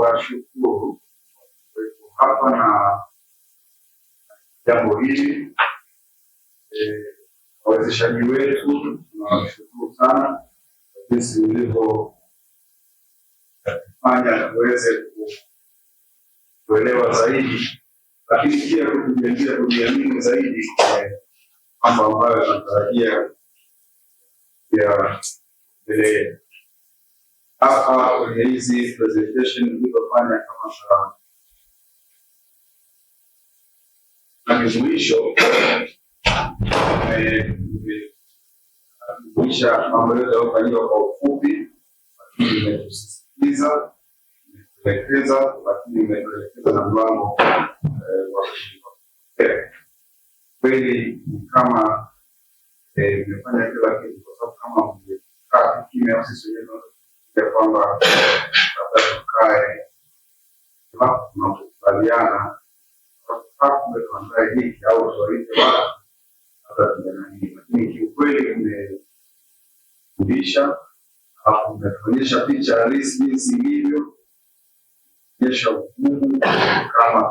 kuwashukuru hapa na jambo hili e, wawezeshaji wetu tunawashukuru sana kwa jinsi mlivyofanya tuweze kuelewa zaidi, lakini pia kutujengea kujiamini zaidi eh, mambo ambayo yanatarajia ya mbele yetu hapa kwenye hizi presentation nilizofanya kama salamu na mijumuisho isha mambo yote yaliyofanyiwa kwa ufupi, lakini imetusisitiza imetuelekeza, lakini imetuelekeza na mlango eh, wa eh, kweli. Ni kama eh, imefanya kila kitu, kwa sababu kama sisi wenyewe ya kwamba sasa tukae tunakubaliana tuandae hiki au tuwaite wala sasa lakini kiukweli kumefundisha alafu umetuonyesha picha halisi jinsi ilivyo onyesha ugumu kama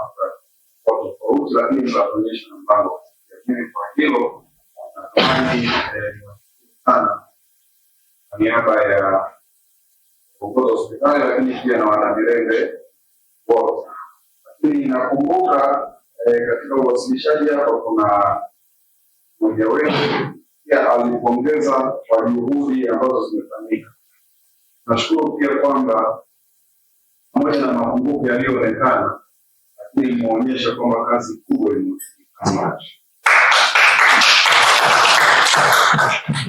kwa tofauti, lakini tunaonyesha mpango. Lakini kwa hilo natamani eh, sana kwa niaba ya kuongoza hospitali, lakini pia na wanamirembe wote. Lakini nakumbuka eh, katika uwasilishaji hapa kuna mmoja wetu pia alipongeza kwa juhudi ambazo zimefanyika. Nashukuru pia kwamba pamoja na mapungufu yaliyoonekana, lakini imeonyesha kwamba kazi kubwa imefanyika.